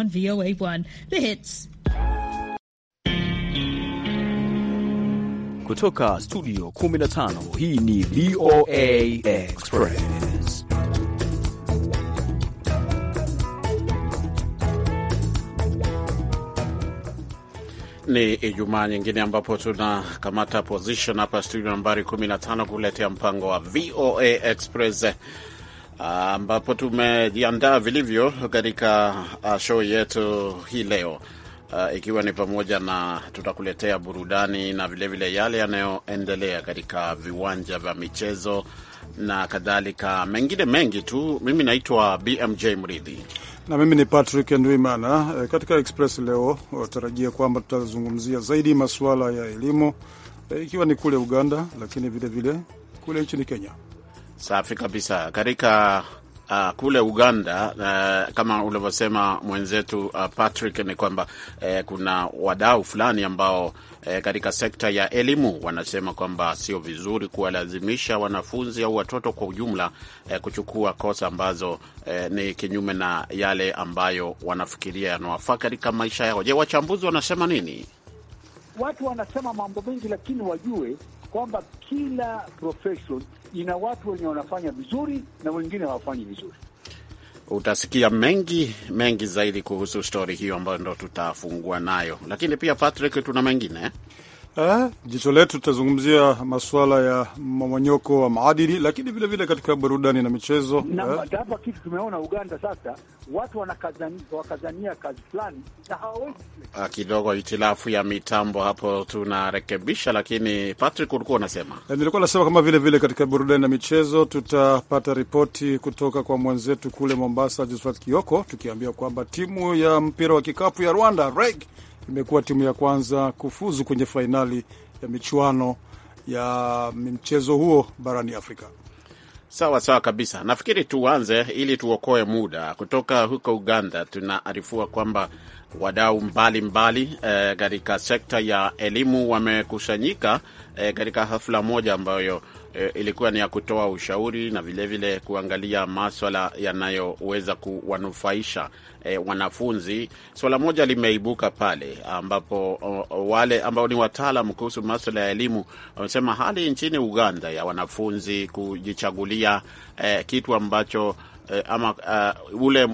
On VOA1, The Hits. Kutoka studio 15 hii ni VOA Express. Ni Ijumaa nyingine ambapo tunakamata position hapa studio nambari 15 kuletea mpango wa VOA Express ambapo tumejiandaa vilivyo katika uh, show yetu hii leo. Uh, ikiwa ni pamoja na tutakuletea burudani na vilevile vile yale yanayoendelea katika viwanja vya michezo na kadhalika, mengine mengi tu. Mimi naitwa BMJ Mridhi na mimi ni Patrick Ndwimana. Eh, katika Express leo watarajia uh, kwamba tutazungumzia zaidi masuala ya elimu, eh, ikiwa ni kule Uganda, lakini vilevile vile kule nchini Kenya. Safi kabisa. Katika Uh, kule Uganda uh, kama ulivyosema mwenzetu uh, Patrick ni kwamba uh, kuna wadau fulani ambao uh, katika sekta ya elimu wanasema kwamba sio vizuri kuwalazimisha wanafunzi au watoto kwa ujumla uh, kuchukua kosa ambazo uh, ni kinyume na yale ambayo wanafikiria yanawafaa katika maisha yao. Je, wachambuzi wanasema nini? Watu wanasema mambo mengi, lakini wajue kwamba kila profession ina watu wenye wanafanya vizuri na wengine hawafanyi vizuri. Utasikia mengi mengi zaidi kuhusu stori hiyo ambayo ndo tutafungua nayo, lakini pia Patrick, tuna mengine eh? Eh, jicho letu tutazungumzia masuala ya mamonyoko wa maadili, lakini vile vile katika burudani na michezo na eh? hapa eh, kitu tumeona Uganda sasa watu wanakazania, wakazania kazi fulani na hawawezi. Ah, kidogo hitilafu ya mitambo hapo tunarekebisha, lakini Patrick ulikuwa unasema. Eh, nilikuwa nasema kama vile vile katika burudani na michezo tutapata ripoti kutoka kwa mwenzetu kule Mombasa Josephat Kioko, tukiambia kwamba timu ya mpira wa kikapu ya Rwanda REG imekuwa timu ya kwanza kufuzu kwenye fainali ya michuano ya mchezo huo barani Afrika. Sawa sawa kabisa, nafikiri tuanze ili tuokoe muda. Kutoka huko Uganda tunaarifua kwamba wadau mbalimbali eh, katika e, sekta ya elimu wamekusanyika eh, katika e, hafla moja ambayo e, ilikuwa ni ya kutoa ushauri na vilevile vile kuangalia maswala yanayoweza kuwanufaisha e, wanafunzi. Swala moja limeibuka pale ambapo o, o, wale ambao ni wataalam kuhusu maswala ya elimu wamesema hali nchini Uganda ya wanafunzi kujichagulia e, kitu ambacho e, ama a, ule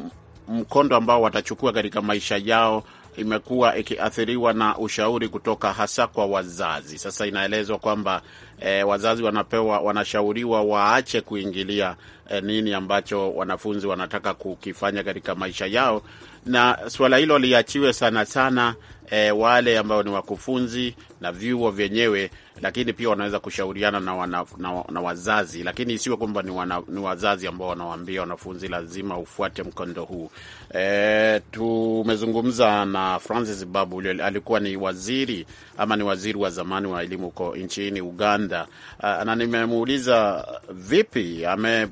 mkondo ambao watachukua katika maisha yao imekuwa ikiathiriwa na ushauri kutoka hasa kwa wazazi. Sasa inaelezwa kwamba e, wazazi wanapewa, wanashauriwa waache kuingilia e, nini ambacho wanafunzi wanataka kukifanya katika maisha yao, na suala hilo liachiwe sana sana e, wale ambao ni wakufunzi na vyuo vyenyewe, lakini pia wanaweza kushauriana na, wana, na, na wazazi, lakini isiwe kwamba ni, ni wazazi ambao wanawaambia wanafunzi lazima ufuate mkondo huu. E, tumezungumza na Francis Babu, alikuwa ni waziri ama ni waziri wa zamani wa elimu huko nchini Uganda, ah, na nimemuuliza vipi, ame,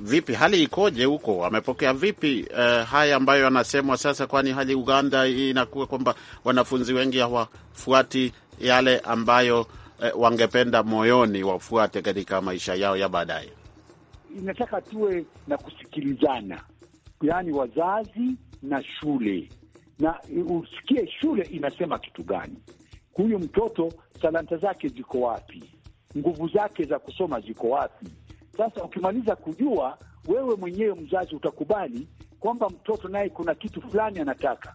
vipi hali ikoje huko, amepokea vipi e, haya ambayo anasemwa sasa, kwani hali Uganda inakuwa kwamba wana wanafunzi wengi hawafuati yale ambayo eh, wangependa moyoni wafuate katika maisha yao ya baadaye. Inataka tuwe na kusikilizana, yaani wazazi na shule, na usikie shule inasema kitu gani, huyu mtoto talanta zake ziko wapi, nguvu zake za kusoma ziko wapi. Sasa ukimaliza kujua, wewe mwenyewe mzazi utakubali kwamba mtoto naye kuna kitu fulani anataka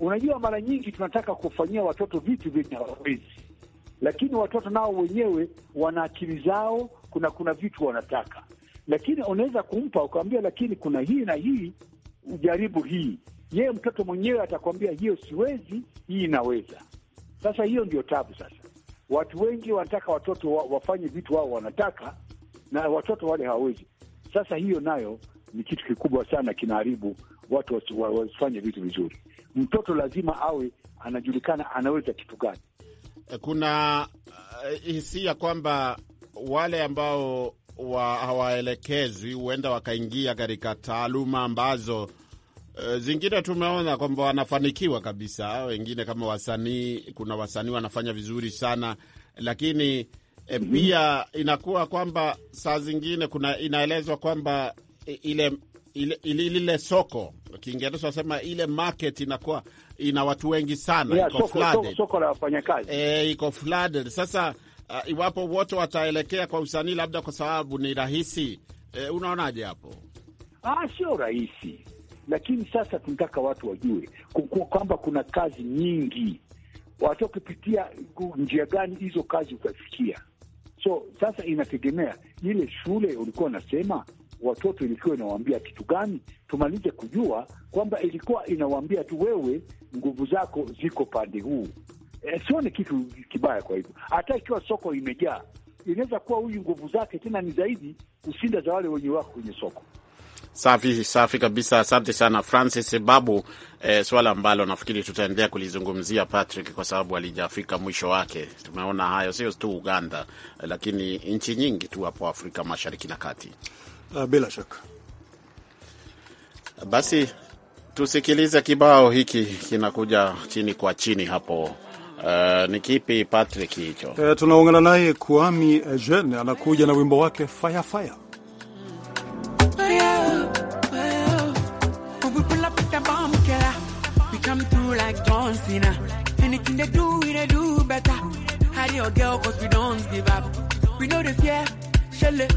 Unajua, mara nyingi tunataka kufanyia watoto vitu vyenye hawawezi, lakini watoto nao wenyewe wana akili zao, kuna kuna vitu wanataka, lakini unaweza kumpa ukawambia lakini kuna hii na hii, ujaribu hii. Yeye mtoto mwenyewe atakwambia hiyo siwezi, hii inaweza. Sasa hiyo ndio tabu. Sasa watu wengi wanataka watoto wa, wafanye vitu wao wanataka na watoto wale hawawezi. Sasa hiyo nayo ni kitu kikubwa sana, kinaharibu watu wafanye vitu vizuri. Mtoto lazima awe anajulikana anaweza kitu gani. Eh, kuna uh, hisia kwamba wale ambao wa hawaelekezwi huenda wakaingia katika taaluma ambazo eh, zingine tumeona kwamba wanafanikiwa kabisa, wengine kama wasanii. Kuna wasanii wanafanya vizuri sana, lakini e, pia inakuwa kwamba saa zingine kuna inaelezwa kwamba ile ile, ile, ile soko Kiingereza wanasema ile market inakuwa ina watu wengi sana yeah, iko soko, flooded. Soko la wafanyakazi e, iko flooded. Sasa uh, iwapo wote wataelekea kwa usanii labda kwa sababu ni rahisi e, unaonaje hapo? Ah, sio rahisi, lakini sasa tunataka watu wajue kwamba kuna kazi nyingi, wata njia gani hizo kazi utafikia. So sasa inategemea ile shule ulikuwa unasema watoto ilikuwa inawaambia kitu gani? Tumalize kujua kwamba ilikuwa inawaambia tu, wewe nguvu zako ziko pande huu. E, sione kitu kibaya. Kwa hivyo hata ikiwa soko imejaa, inaweza kuwa huyu nguvu zake tena ni zaidi kushinda za wale wenye wako kwenye soko. Safi safi kabisa, asante sana Francis Babu. E, swala ambalo nafikiri tutaendelea kulizungumzia Patrick, kwa sababu alijafika mwisho wake. Tumeona hayo sio tu Uganda, lakini nchi nyingi tu hapo Afrika Mashariki na Kati. Ah, bila shaka. Basi tusikilize kibao hiki, kinakuja chini kwa chini hapo. Uh, ni kipi Patrick hicho? Uh, tunaungana naye Kuami Eugene anakuja na wimbo wake fire fire. Shelly,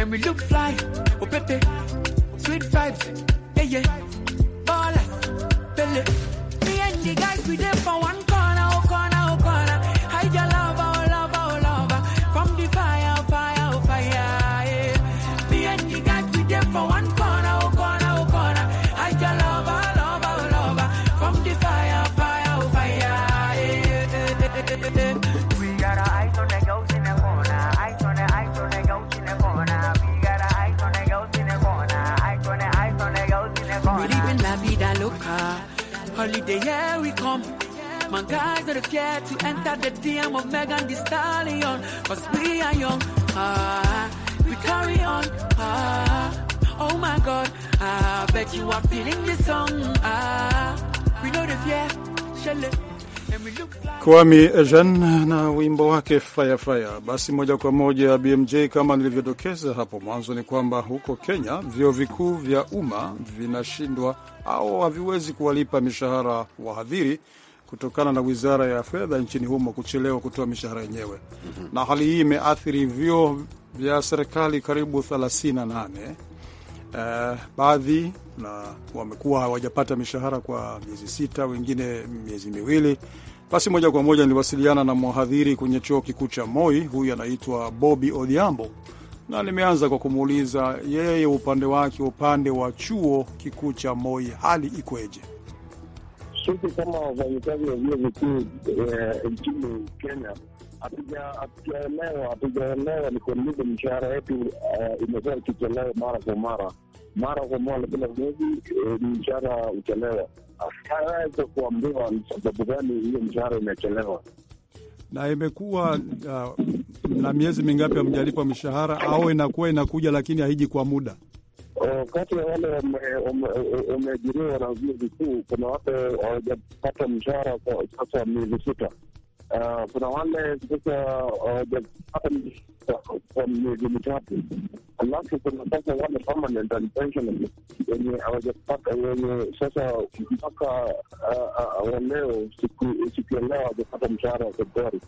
and we look fly. Oh, Pepe, sweet vibes, yeah, yeah. All Ballers, Pele. Me and the guys, we there for one corner, oh, corner, oh, corner. Hide your Holiday, here we come. My guys don't care to enter the DM of Megan Thee Stallion. Cause we are young, ah, we carry on, ah, oh my God, ah, bet you are feeling this song, ah, we know the fear, shall Kwami Ejen eh, na wimbo wake firefire fire. Basi moja kwa moja BMJ, kama nilivyodokeza hapo mwanzo, ni kwamba huko Kenya vyuo vikuu vya umma vinashindwa au haviwezi kuwalipa mishahara wahadhiri kutokana na wizara ya fedha nchini humo kuchelewa kutoa mishahara yenyewe. mm -hmm. Na hali hii imeathiri vyuo vya serikali karibu 38 Uh, eh, baadhi na wamekuwa hawajapata mishahara kwa miezi sita, wengine miezi miwili basi moja kwa moja niliwasiliana na mhadhiri kwenye chuo kikuu cha Moi, huyu anaitwa Bobby Odhiambo, na nimeanza kwa kumuuliza yeye upande wake, upande wa chuo kikuu cha Moi hali ikoje? Sisi kama wafanyakazi wa vyuo vikuu eh, nchini Kenya hatujaelewa, hatujaelewa ni kwa nini mshahara yetu eh, imekuwa ikitolewa mara kwa mara mara kwa mara kila mwezi eh, mshahara uchelewa, hawaweza kuambiwa ni sababu gani hiyo mshahara imechelewa. Na imekuwa uh, na miezi mingapi amjalipa mshahara, au inakuwa inakuja lakini haiji kwa muda? Kati ya wale wameajiriwa na vyuo vikuu kuna wape hawajapata mshahara sasa miezi sita. Eh, kuna wale sasa wajapata kwa miezi mitatu, alafu kuna sasa wale permanent and wenye hawajapata, wenye sasa mpaka eh, eh, siku ya leo hawajapata mshahara wa Februari.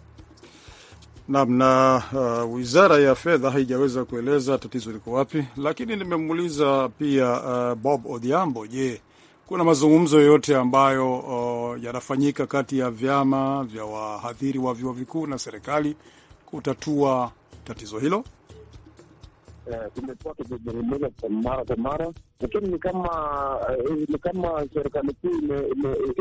Naam, na uh, wizara ya fedha haijaweza kueleza tatizo liko wapi, lakini nimemuuliza pia uh, Bob Odhiambo, je, kuna mazungumzo yoyote ambayo uh, yanafanyika kati ya vyama vya wahadhiri wa vyuo vikuu na serikali kutatua tatizo hilo? Eh, kumekuwa kizungumza kwa mara kwa mara, lakini ni kama eh, ni kama serikali kuu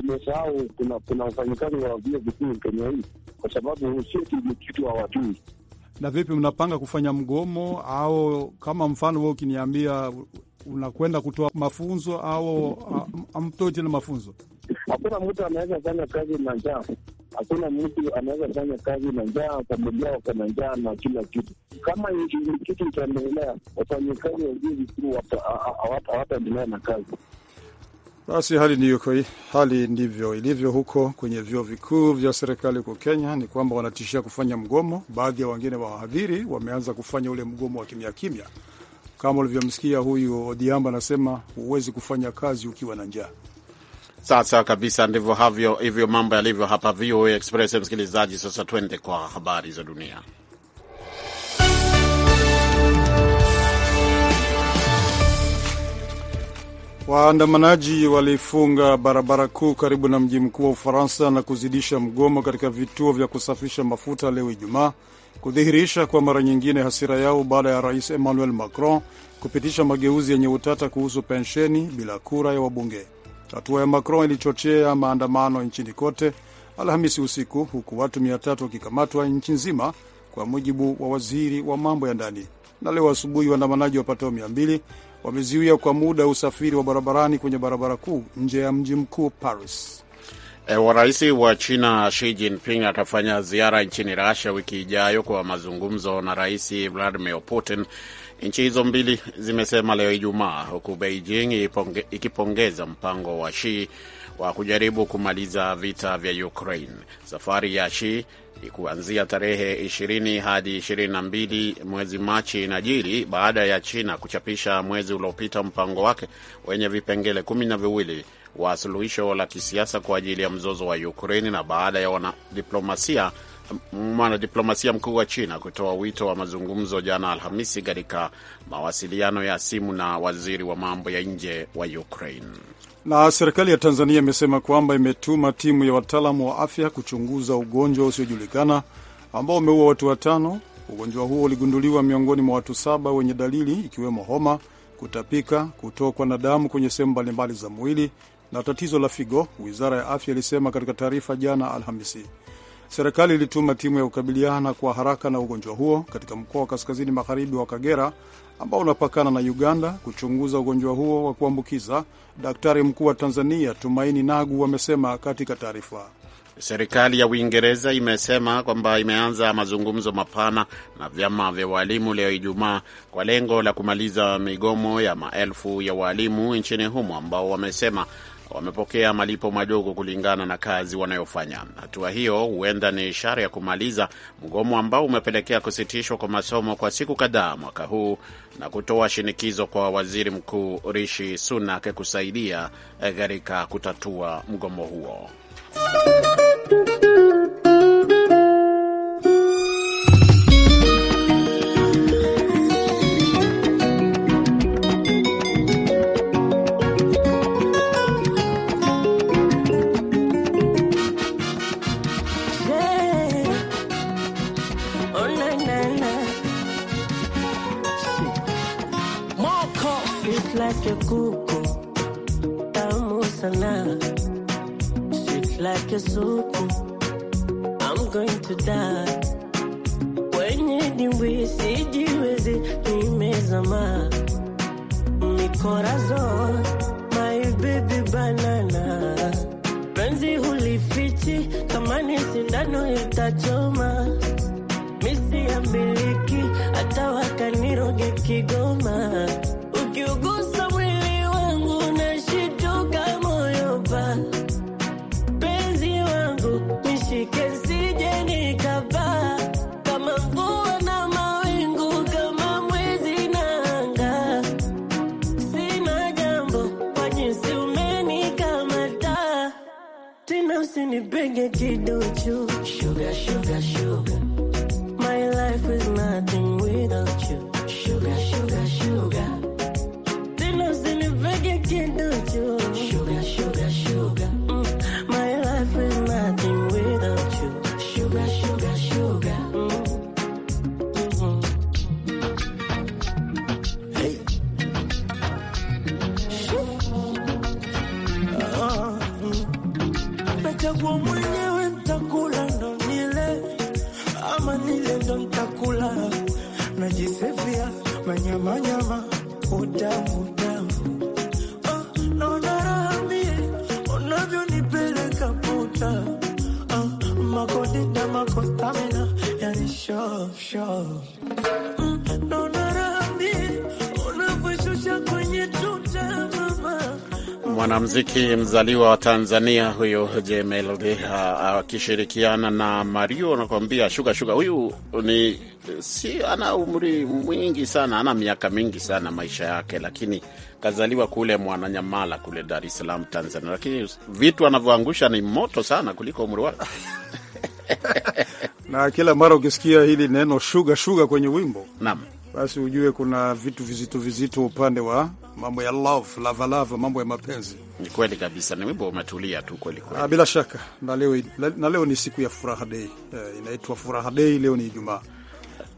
imesahau kuna ufanyikazi wa vio vikuu Kenya hii, kwa sababu sio kitu hawajui. Na vipi, mnapanga kufanya mgomo au kama mfano wewe ukiniambia unakwenda kutoa mafunzo au ah, amtoti na mafunzo? Hakuna mtu anaweza fanya kazi na njaa, hakuna mtu anaweza fanya kazi na njaa. Familia wako na njaa na kila kitu. Kama ni kitu itaendelea, wafanyakazi wazuri tu hawataendelea na kazi. Basi hali ni yuko, hali ndivyo ilivyo huko kwenye vyuo vikuu vya serikali huko Kenya, ni kwamba wanatishia kufanya mgomo. Baadhi ya wengine wahadhiri wameanza kufanya ule mgomo wa kimya kimya, kama ulivyomsikia huyu odiamba anasema huwezi kufanya kazi ukiwa na njaa. Sasa kabisa ndivyo havyo hivyo mambo yalivyo hapa VOA Express, msikilizaji. Sasa twende kwa habari za dunia. Waandamanaji walifunga barabara kuu karibu na mji mkuu wa Ufaransa na kuzidisha mgomo katika vituo vya kusafisha mafuta leo Ijumaa, kudhihirisha kwa mara nyingine hasira yao baada ya rais Emmanuel Macron kupitisha mageuzi yenye utata kuhusu pensheni bila kura ya wabunge. Hatua ya Macron ilichochea maandamano nchini kote Alhamisi usiku, huku watu 300 wakikamatwa nchi nzima, kwa mujibu wa waziri wa mambo ya ndani. Na leo asubuhi waandamanaji wapatao 200 wamezuia kwa muda usafiri wa barabarani kwenye barabara kuu nje ya mji mkuu Paris. E, rais wa China Xi Jinping atafanya ziara nchini Russia wiki ijayo kwa mazungumzo na Rais Vladimir Putin. Nchi hizo mbili zimesema leo Ijumaa, huku Beijing ikipongeza mpango wa Xi wa kujaribu kumaliza vita vya Ukraine. Safari ya Xi kuanzia tarehe 20 hadi 22 mwezi Machi inajiri baada ya China kuchapisha mwezi uliopita mpango wake wenye vipengele kumi na viwili wa suluhisho la kisiasa kwa ajili ya mzozo wa Ukraini na baada ya wanadiplomasia mwanadiplomasia mkuu wa China kutoa wito wa mazungumzo jana Alhamisi katika mawasiliano ya simu na waziri wa mambo ya nje wa Ukraine. Na serikali ya Tanzania imesema kwamba imetuma timu ya wataalamu wa afya kuchunguza ugonjwa usiojulikana ambao umeua watu watano. Ugonjwa huo uligunduliwa miongoni mwa watu saba wenye dalili ikiwemo homa, kutapika, kutokwa na damu kwenye sehemu mbalimbali za mwili na tatizo la figo, wizara ya afya ilisema katika taarifa jana Alhamisi. Serikali ilituma timu ya kukabiliana kwa haraka na ugonjwa huo katika mkoa wa kaskazini magharibi wa Kagera ambao unapakana na Uganda kuchunguza ugonjwa huo wa kuambukiza. Daktari mkuu wa Tanzania Tumaini Nagu amesema katika taarifa. Serikali ya Uingereza imesema kwamba imeanza mazungumzo mapana na vyama vya waalimu leo Ijumaa kwa lengo la kumaliza migomo ya maelfu ya waalimu nchini humo ambao wamesema wamepokea malipo madogo kulingana na kazi wanayofanya. Hatua hiyo huenda ni ishara ya kumaliza mgomo ambao umepelekea kusitishwa kwa masomo kwa siku kadhaa mwaka huu na kutoa shinikizo kwa waziri mkuu Rishi Sunak kusaidia eh, katika kutatua mgomo huo. like a I'm going to die. Kwenye dimbwi sijiwezi, nimezama mikorazon, my baby banana. Penzi hulifichi, kama ni sindano itachoma. Misi ya miliki, hata wakaniroge Kigoma get you sugar, sugar, sugar. mwanamziki mzaliwa wa Tanzania huyu J Melody akishirikiana na Mario anakuambia shuka shuka. Huyu ni si ana umri mwingi sana, ana miaka mingi sana maisha yake, lakini kazaliwa kule Mwananyamala kule Dar es Salaam, Tanzania, lakini vitu anavyoangusha ni moto sana kuliko umri wake na kila mara ukisikia hili neno shuga shuga kwenye wimbo Naam basi ujue kuna vitu vizito vizito upande wa mambo ya love, lava lava, mambo ya mapenzi. Ni kweli kabisa, ni wimbo umetulia tu kweli kweli, ah, bila shaka. Na leo, na leo ni siku ya furaha dei, eh, inaitwa furaha dei. Leo ni Ijumaa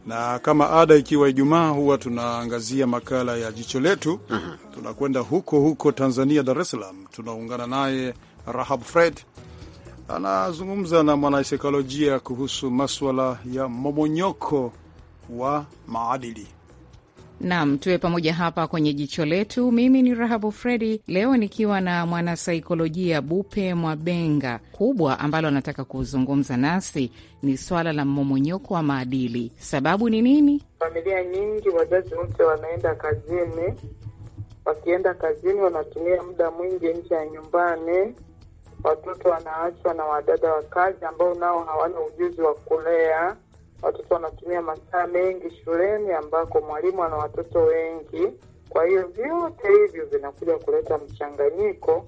na kama ada, ikiwa Ijumaa huwa tunaangazia makala ya jicho letu. uh mhm. -huh. Tunakwenda huko huko Tanzania, Dar es Salaam, tunaungana naye Rahab Fred anazungumza na mwanasaikolojia kuhusu maswala ya momonyoko wa maadili. Nam, tuwe pamoja hapa kwenye jicho letu. Mimi ni Rahabu Fredi, leo nikiwa na mwanasaikolojia Bupe Mwabenga. Kubwa ambalo anataka kuzungumza nasi ni swala la mmomonyoko wa maadili. Sababu ni nini? Familia nyingi, wazazi wote wanaenda kazini, wakienda kazini wanatumia muda mwingi nje ya nyumbani. Watoto wanaachwa na wadada wa kazi ambao nao hawana ujuzi wa kulea watoto wanatumia masaa mengi shuleni ambako mwalimu ana watoto wengi. Kwa hiyo vyote hivyo vinakuja kuleta mchanganyiko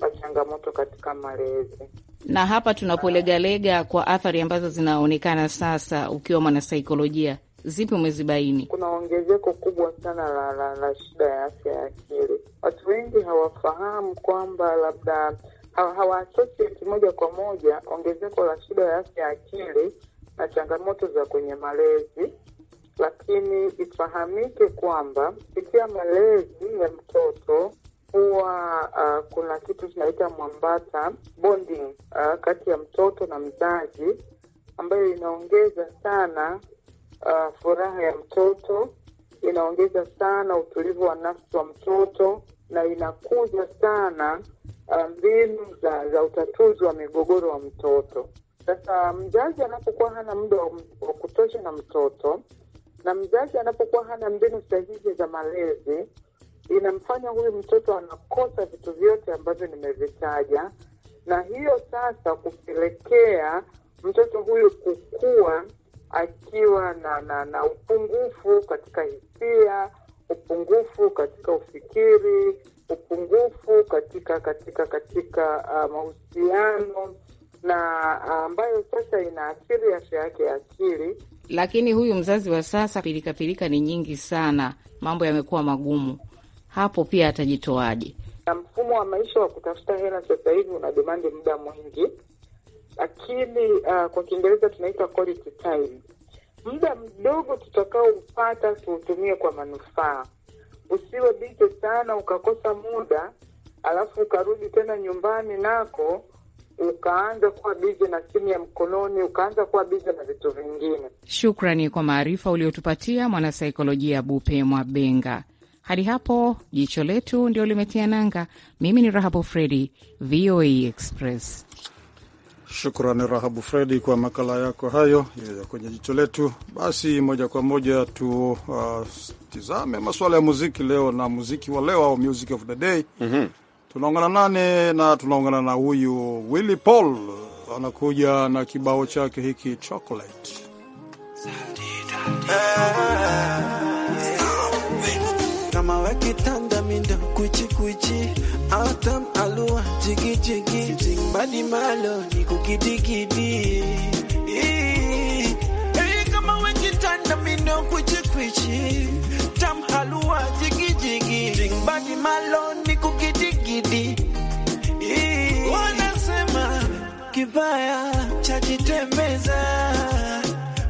wa changamoto katika malezi, na hapa tunapolegalega kwa athari ambazo zinaonekana sasa, ukiwa mwanasaikolojia zipi umezibaini? Kuna ongezeko kubwa sana la, la, la shida ya afya ya akili. Watu wengi hawafahamu kwamba labda hawaasosieti moja kwa moja ongezeko la shida ya afya ya akili na changamoto za kwenye malezi, lakini ifahamike kwamba kupitia malezi ya mtoto huwa uh, kuna kitu kinaita mwambata bonding uh, kati ya mtoto na mzazi ambayo inaongeza sana uh, furaha ya mtoto, inaongeza sana utulivu wa nafsi wa mtoto na inakuza sana mbinu um, za, za utatuzi wa migogoro wa mtoto. Sasa mzazi anapokuwa hana muda wa kutosha na mtoto na mzazi anapokuwa hana mbinu sahihi za malezi, inamfanya huyu mtoto anakosa vitu vyote ambavyo nimevitaja, na hiyo sasa kupelekea mtoto huyu kukua akiwa na, na, na upungufu katika hisia, upungufu katika ufikiri, upungufu katika katika katika uh, mahusiano na ambayo sasa inaathiri afya yake ya akili. Lakini huyu mzazi wa sasa, pilikapilika ni nyingi sana, mambo yamekuwa magumu, hapo pia atajitoaje? Na mfumo wa maisha wa kutafuta hela sasa hivi una demandi muda mwingi, lakini uh, kwa Kiingereza tunaita quality time, muda mdogo tutakaoupata tuutumie kwa manufaa. Usiwe bize sana ukakosa muda alafu ukarudi tena nyumbani nako ukaanza kuwa bize na simu ya mkononi, ukaanza kuwa bize na vitu vingine. Shukrani kwa maarifa uliotupatia mwanasaikolojia Bupe Mwabenga. Hadi hapo jicho letu ndio limetia nanga. Mimi ni Rahabu Fredi, VOA Express. Shukrani Rahabu Fredi kwa makala yako hayo ya kwenye jicho letu. Basi moja kwa moja tutizame uh, masuala ya muziki leo na muziki wa leo au music of the day. mm -hmm. Tunaungana nane na tunaungana na huyu Willy Paul anakuja na kibao chake hiki chocolate. Kama mindo kuchi kuchi alua jigi jigi malo ni Kama mindo kuchi kuchi Tam Chalua jigijigi jingbagi maloni kukidigidi wanasema kibaya chajitembeza,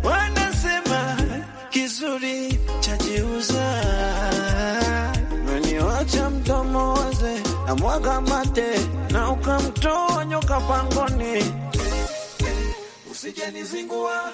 wanasema kizuri chajiuza. Meniwacha mdomo waze na mwaga mate na ukamtoa nyoka pangoni, usijeni zingua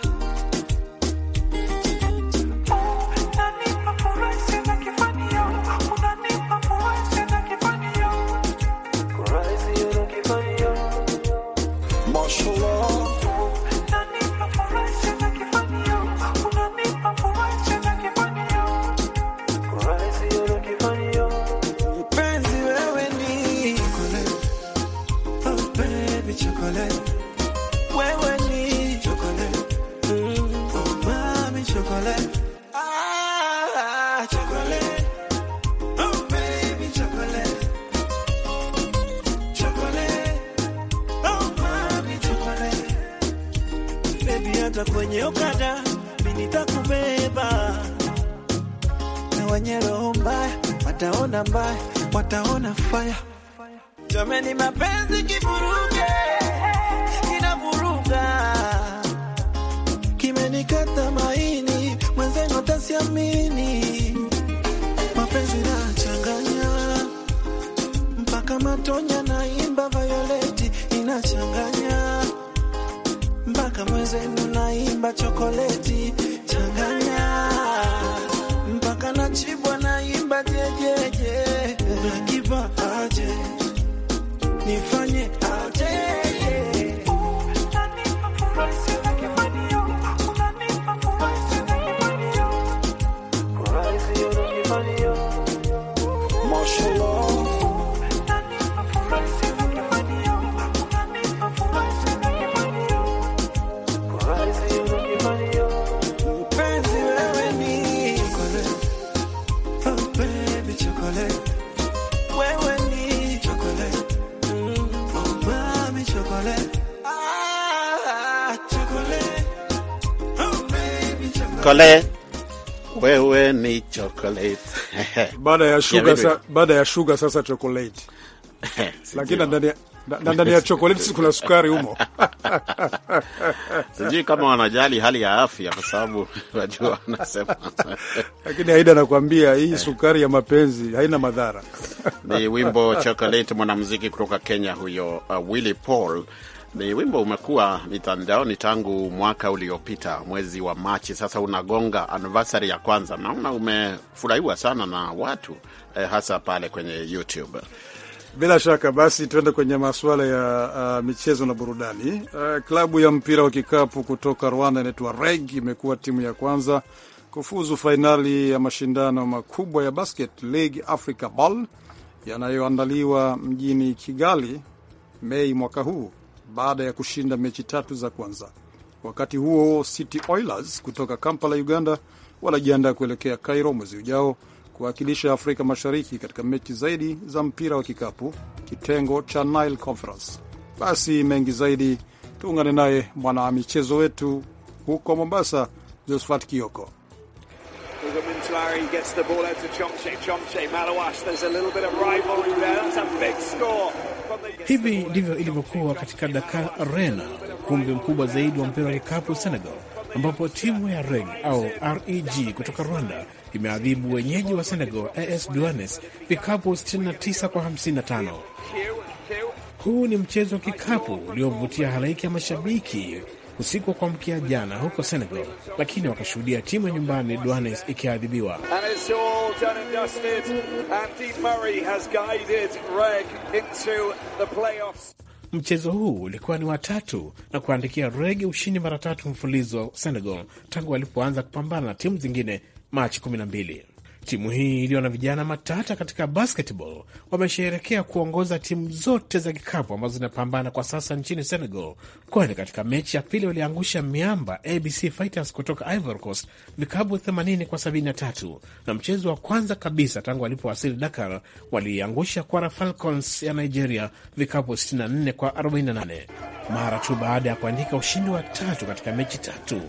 na mbaya wataona faya. Jameni, mapenzi kivuruge, kinavuruga, kimenikata maini, mwenzenu atasiamini. Mapenzi nachanganya mpaka matonya, naimba Violeti inachanganya mpaka mwenzenu imba chokoleti chocolate wewe ni chocolate baada ya sugar sa, baada ya sugar sasa chocolate lakini ndani ndani ya chocolate kuna sukari humo. Sijui kama wanajali hali ya afya, kwa sababu wajua wanasema, lakini Aida anakuambia hii sukari ya mapenzi haina madhara. Ni wimbo chocolate, mwanamuziki kutoka Kenya huyo, uh, Willy Paul ni wimbo umekuwa mitandaoni tangu mwaka uliopita mwezi wa Machi. Sasa unagonga anniversary ya kwanza, naona umefurahiwa sana na watu eh, hasa pale kwenye YouTube. Bila shaka basi, tuende kwenye masuala ya uh, michezo na burudani. Uh, klabu ya mpira wa kikapu kutoka Rwanda inaitwa REG imekuwa timu ya kwanza kufuzu fainali ya mashindano makubwa ya Basket League Africa Ball yanayoandaliwa mjini Kigali Mei mwaka huu baada ya kushinda mechi tatu za kwanza. Wakati huo City Oilers kutoka Kampala, Uganda, wanajiandaa kuelekea Cairo mwezi ujao kuwakilisha Afrika Mashariki katika mechi zaidi za mpira wa kikapu, kitengo cha Nile Conference. Basi mengi zaidi tuungane naye mwanamichezo wetu huko Mombasa, Josephat Kioko. Gets the ball out to Chomche. Chomche, Malawash. There's a little bit of rivalry there. That's a big score. Hivi ndivyo ilivyokuwa katika Dakar Arena, ukumbi mkubwa zaidi wa mpira wa kikapu Senegal, ambapo timu ya REG au REG kutoka Rwanda imeadhibu wenyeji wa Senegal AS Douanes vikapu 69 kwa 55. Huu ni mchezo wa kikapu uliovutia halaiki ya mashabiki usiku wa kuamkia jana huko Senegal, lakini wakashuhudia timu ya nyumbani Duanes ikiadhibiwa. Mchezo huu ulikuwa ni watatu na kuandikia Reg ushindi mara tatu mfulizo Senegal tangu walipoanza kupambana na timu zingine Machi 12. Timu hii iliyo na vijana matata katika basketball wamesheherekea kuongoza timu zote za kikapu ambazo zinapambana kwa sasa nchini Senegal, kwani katika mechi ya pili waliangusha miamba ABC Fighters kutoka Ivory Coast vikapu 80 kwa 73, na mchezo wa kwanza kabisa tangu walipowasili Dakar waliiangusha Kwara Falcons ya Nigeria vikapu 64 kwa 48. Mara tu baada ya kuandika ushindi wa tatu katika mechi tatu,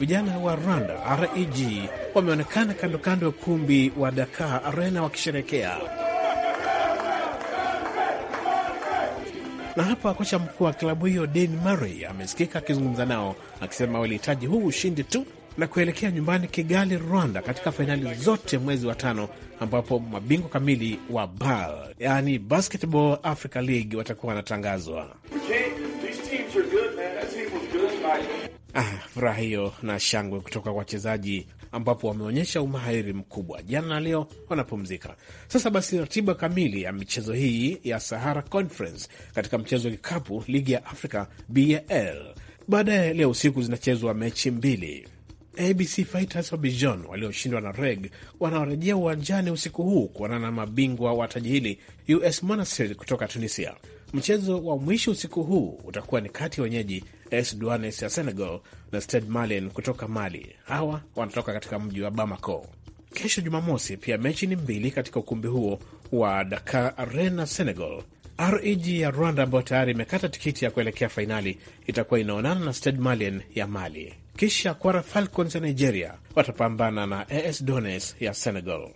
vijana wa Rwanda REG wameonekana kandokando ya kumbi wa Dakar Arena wakisherekea. Na hapa kocha mkuu wa klabu hiyo Dan Murray amesikika akizungumza nao akisema walihitaji huu ushindi tu na kuelekea nyumbani Kigali, Rwanda, katika fainali zote mwezi wa tano, ambapo mabingwa kamili wa BAL, yaani Basketball Africa League, watakuwa wanatangazwa. Ah, furaha hiyo na shangwe kutoka kwa wachezaji ambapo wameonyesha umahiri mkubwa jana na leo wanapumzika. Sasa basi, ratiba kamili ya michezo hii ya Sahara Conference katika mchezo wa kikapu ligi ya africa BAL. Baadaye leo usiku zinachezwa mechi mbili. ABC Fighters Bijon walioshindwa na Reg wanaorejea uwanjani usiku huu kuonana na mabingwa wa taji hili US Monastir kutoka Tunisia. Mchezo wa mwisho usiku huu utakuwa ni kati ya wenyeji es Douanes ya Senegal na Stade Malien kutoka Mali. Hawa wanatoka katika mji wa Bamako. Kesho Jumamosi pia mechi ni mbili katika ukumbi huo wa Dakar Arena, Senegal. REG ya Rwanda, ambayo tayari imekata tikiti ya kuelekea fainali, itakuwa inaonana na Stade Malien ya Mali. Kisha Kwara Falcons ya Nigeria watapambana na AS Douanes ya Senegal.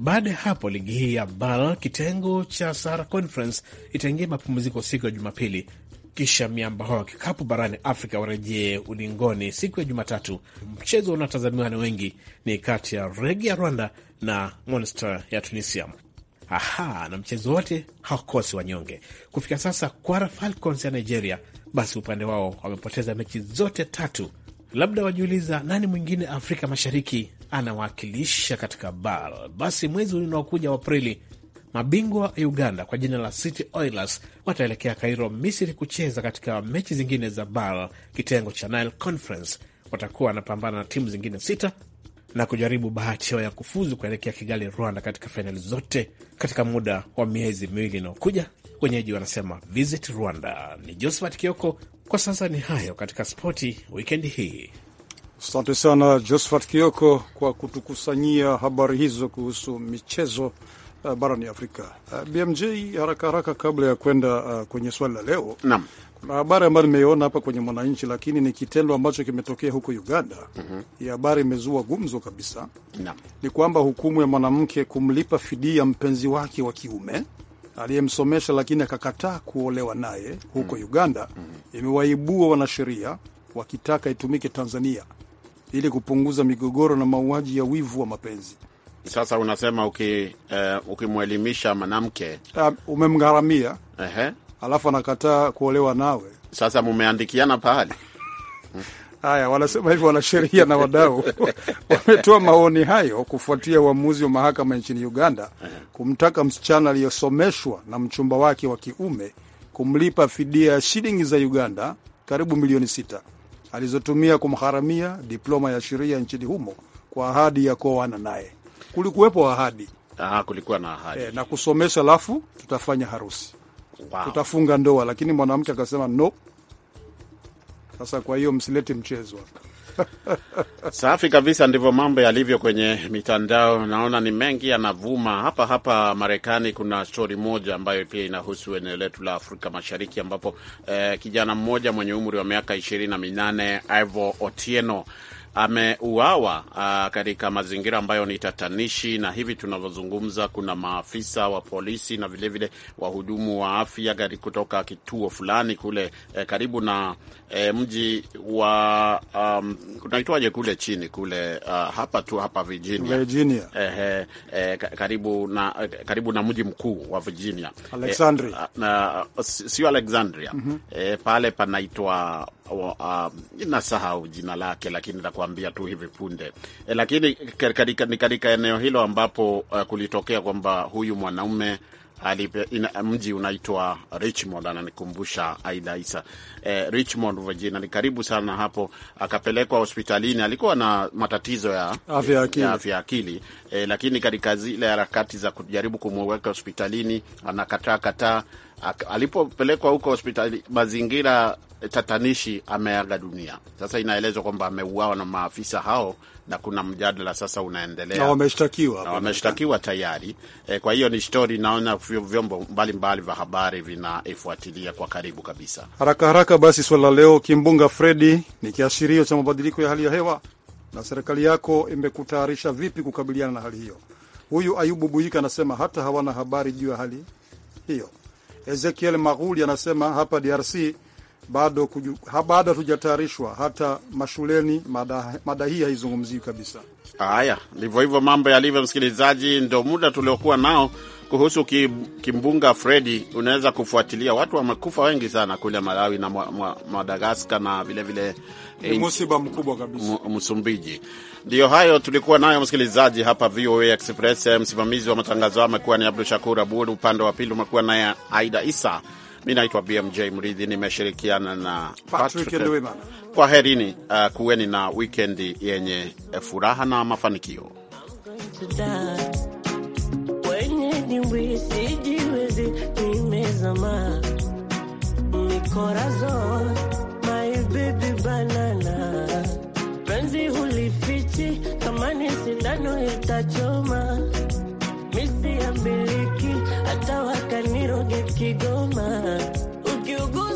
Baada ya hapo ligi hii ya bal kitengo cha Sahara Conference itaingia mapumziko siku ya Jumapili, kisha miamba hao kikapu barani Afrika warejee ulingoni siku ya Jumatatu. Mchezo unaotazamiwa na wengi ni kati ya Regi ya Rwanda na Monster ya Tunisia. Aha, na mchezo wote hawakosi wanyonge. Kufika sasa, Kwara Falcons ya Nigeria, basi upande wao wamepoteza mechi zote tatu. Labda wajiuliza nani mwingine Afrika Mashariki anawakilisha katika bara. Basi mwezi unaokuja wa Aprili, mabingwa wa Uganda kwa jina la City Oilers wataelekea Kairo, Misri kucheza katika mechi zingine za bara kitengo cha Nile Conference. Watakuwa wanapambana na timu zingine sita na kujaribu bahati yao ya kufuzu kuelekea Kigali, Rwanda, katika fainali zote katika muda wa miezi miwili inayokuja. Wenyeji wanasema visit Rwanda. Ni Josephat Kioko. Kwa sasa ni hayo katika spoti wikendi hii. Asante sana Josephat Kioko kwa kutukusanyia habari hizo kuhusu michezo uh, barani Afrika. Uh, BMJ, haraka haraka kabla ya kwenda uh, kwenye swali la leo, Nam. kuna habari ambayo nimeiona hapa kwenye Mwananchi, lakini ni kitendo ambacho kimetokea huko Uganda. mm -hmm. Hii habari imezua gumzo kabisa. Naam, ni kwamba hukumu ya mwanamke kumlipa fidia mpenzi wake wa kiume aliyemsomesha lakini akakataa kuolewa naye huko mm. Uganda mm. imewaibua wanasheria wakitaka itumike Tanzania ili kupunguza migogoro na mauaji ya wivu wa mapenzi. Sasa unasema uki, uh, ukimwelimisha mwanamke uh, umemgharamia uh -huh. Alafu anakataa kuolewa nawe, sasa mumeandikiana pahali Haya, wanasema hivyo wanasheria na wadau wametoa maoni hayo kufuatia uamuzi wa mahakama nchini Uganda kumtaka msichana aliyosomeshwa na mchumba wake wa kiume kumlipa fidia ya shilingi za Uganda karibu milioni sita alizotumia kumharamia diploma ya sheria nchini humo kwa ahadi ya kuoana naye. Kulikuwepo ahadi. Aha, kulikuwa na ahadi e, na kusomesha, alafu tutafanya harusi wow. Tutafunga ndoa, lakini mwanamke akasema no. Sasa kwa hiyo msileti mchezo hapa Safi kabisa, ndivyo mambo yalivyo kwenye mitandao. Naona ni mengi yanavuma hapa hapa Marekani. Kuna stori moja ambayo pia inahusu eneo letu la Afrika Mashariki, ambapo eh, kijana mmoja mwenye umri wa miaka ishirini na minane Ivo Otieno ameuawa ah, katika mazingira ambayo ni tatanishi, na hivi tunavyozungumza kuna maafisa wa polisi na vilevile wahudumu wa afya gari kutoka kituo fulani kule e, karibu na e, mji wa um, kunaitwaje kule chini kule uh, hapa tu hapa Virginia, Virginia. E, e, karibu na karibu na mji mkuu wa Virginia Alexandria, e, sio Alexandria mm -hmm. E, pale panaitwa Um, nasahau jina lake, lakini nitakuambia tu hivi punde. E, lakini katika eneo hilo ambapo uh, kulitokea kwamba huyu mwanaume mji unaitwa Richmond, ananikumbusha Aida Isa eh, Richmond, Virginia ni karibu sana hapo. Akapelekwa hospitalini, alikuwa na matatizo ya afya ya akili eh, lakini katika zile harakati za kujaribu kumuweka hospitalini anakataa kataa alipopelekwa huko hospitali mazingira eh, tatanishi, ameaga dunia. Sasa inaelezwa kwamba ameuawa na maafisa hao, na kuna mjadala sasa unaendelea, wameshtakiwa na wameshtakiwa tayari. E, kwa hiyo ni stori, naona vyombo mbalimbali vya habari vinaifuatilia kwa karibu kabisa. Haraka haraka basi, swala la leo, kimbunga Fredi ni kiashirio cha mabadiliko ya hali ya hewa, na serikali yako imekutayarisha vipi kukabiliana na hali hiyo? Huyu Ayubu Buika anasema hata hawana habari juu ya hali hiyo. Ezekiel Maguli anasema hapa DRC bado baada hatujatayarishwa hata mashuleni mada, mada hii haizungumziwi kabisa. Haya, ndivyo hivyo mambo yalivyo, msikilizaji. Ndo muda tuliokuwa nao kuhusu kimbunga Fredi. Unaweza kufuatilia, watu wamekufa wengi sana kule Malawi na Madagaskar na vilevile ni musiba mkubwa kabisa Msumbiji. Ndiyo hayo tulikuwa nayo msikilizaji, hapa VOA Express. Msimamizi wa matangazo hayo amekuwa ni Abdu Shakur Abud, upande wa pili umekuwa naye Aida Isa. Mi naitwa BMJ Mridhi, nimeshirikiana na Patrick Nduimana. Kwa herini, uh, kuweni na wikendi yenye furaha na mafanikio. Penzi hulifichi, kama ni sindano itachoma niambeki hata wakanirogekigoma ukiugua